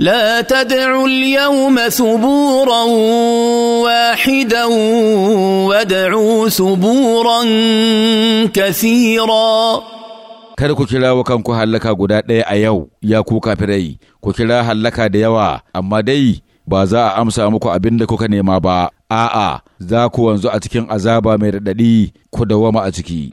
لا تدعوا اليوم ثبورا واحدا وادعوا ثبورا كثيرا kada ku kira wa kanku hallaka guda ɗaya a yau ya ku kafirai ku kira hallaka da yawa amma dai ba za a amsa muku abin da kuka nema ba a'a za ku wanzu a cikin azaba mai raɗaɗi ku dawama a ciki